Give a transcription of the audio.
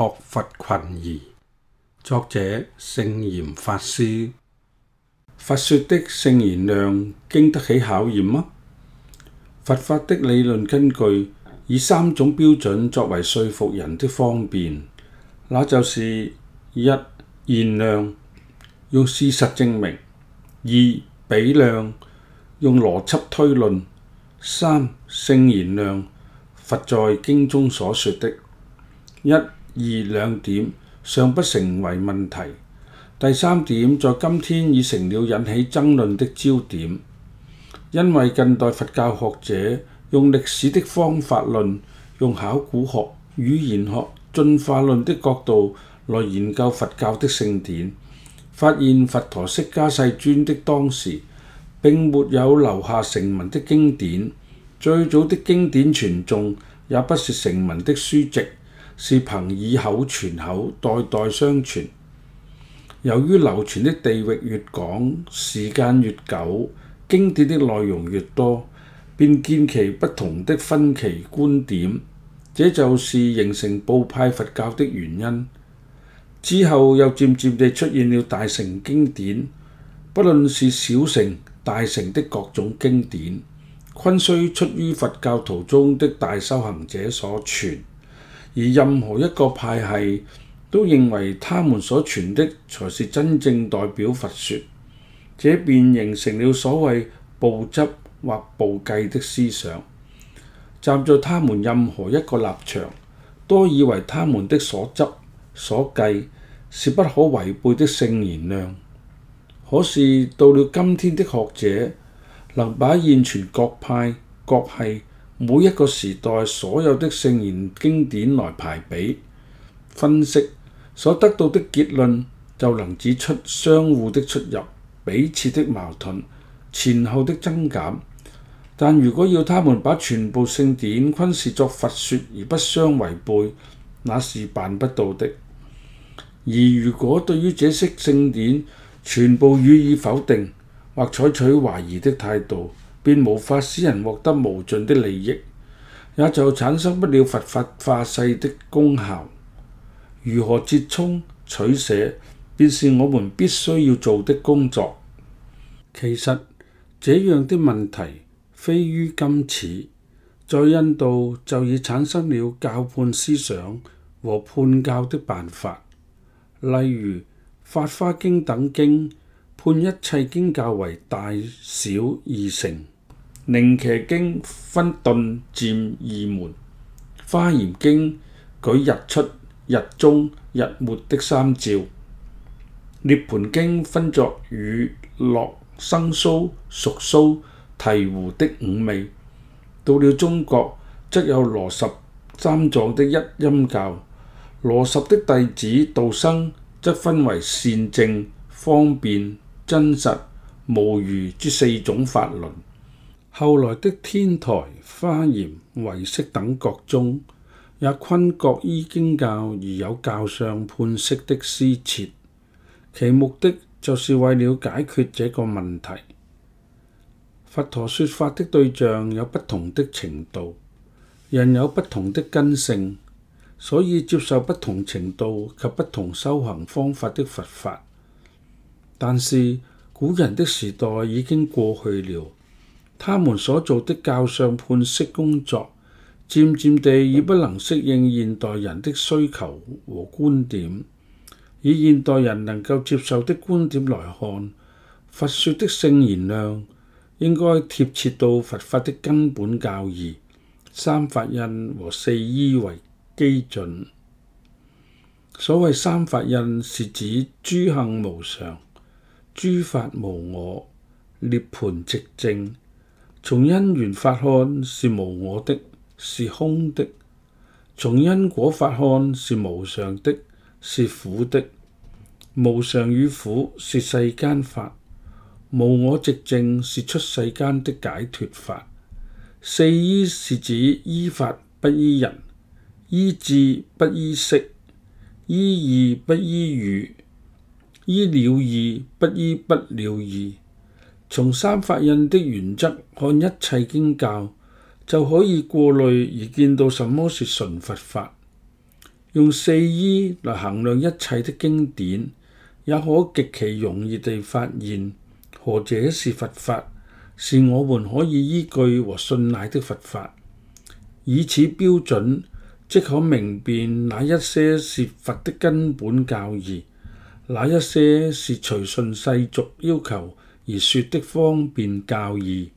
學佛群疑，作者聖嚴法師。佛說的聖言量經得起考驗嗎？佛法的理論根據以三種標準作為說服人的方便，那就是一言量，用事實證明；二比量，用邏輯推論；三聖言量，佛在經中所說的。一而兩點尚不成為問題，第三點在今天已成了引起爭論的焦點，因為近代佛教學者用歷史的方法論、用考古學、語言學、進化論的角度來研究佛教的聖典，發現佛陀釋迦世尊的當時並沒有留下成文的經典，最早的經典傳頌也不是成文的書籍。是憑以口傳口，代代相傳。由於流傳的地域越廣，時間越久，經典的內容越多，便見其不同的分歧觀點。這就是形成部派佛教的原因。之後又漸漸地出現了大乘經典，不論是小乘、大乘的各種經典，均須出於佛教徒中的大修行者所傳。而任何一個派系都認為他們所傳的才是真正代表佛說，這便形成了所謂部執或部計的思想。站在他們任何一個立場，都以為他們的所執所計是不可違背的聖言量。可是到了今天的學者，能把現存各派各系，每一個時代所有的聖言經典來排比分析所得到的結論，就能指出相互的出入、彼此的矛盾、前後的增減。但如果要他們把全部聖典均視作佛說而不相違背，那是辦不到的。而如果對於這些聖典全部予以否定或採取懷疑的態度，便無法使人獲得無盡的利益，也就產生不了佛法化世的功效。如何折衷取捨，便是我們必須要做的工作。其實這樣的問題非於今始，在印度就已產生了教判思想和判教的辦法，例如《法花經》等經判一切經教為大小二乘。《楞伽經》分頓、漸二門，《華嚴經》舉日出、日中、日沒的三照，《涅槃經》分作乳、酪、生酥、熟酥、醍醐的五味。到了中國，則有羅什三藏的一音教。羅什的弟子道生則分為善淨、方便、真實、無餘之四種法輪。後來的天台、華嚴、唯識等各宗，也均各依經教而有教相判釋的施設，其目的就是為了解決這個問題。佛陀説法的對象有不同的程度，人有不同的根性，所以接受不同程度及不同修行方法的佛法。但是古人的時代已經過去了。他們所做的教相判釋工作，漸漸地已不能適應現代人的需求和觀點。以現代人能夠接受的觀點來看，佛説的聖言量應該貼切到佛法的根本教義，三法印和四依為基準。所謂三法印是指諸行無常、諸法無我、涅槃寂靜。從因緣法看是無我的，是空的；從因果法看是無常的，是苦的。無常與苦是世間法，無我寂靜是出世間的解脱法。四依是指依法不依人，依智不依識，依義不依語，依了義不依不了義。從三法印的原則看一切經教，就可以過濾而見到什麼是純佛法。用四依來衡量一切的經典，也可極其容易地發現何者是佛法，是我們可以依據和信賴的佛法。以此標準，即可明辨哪一些是佛的根本教義，哪一些是隨順世俗要求，而說的方便教義。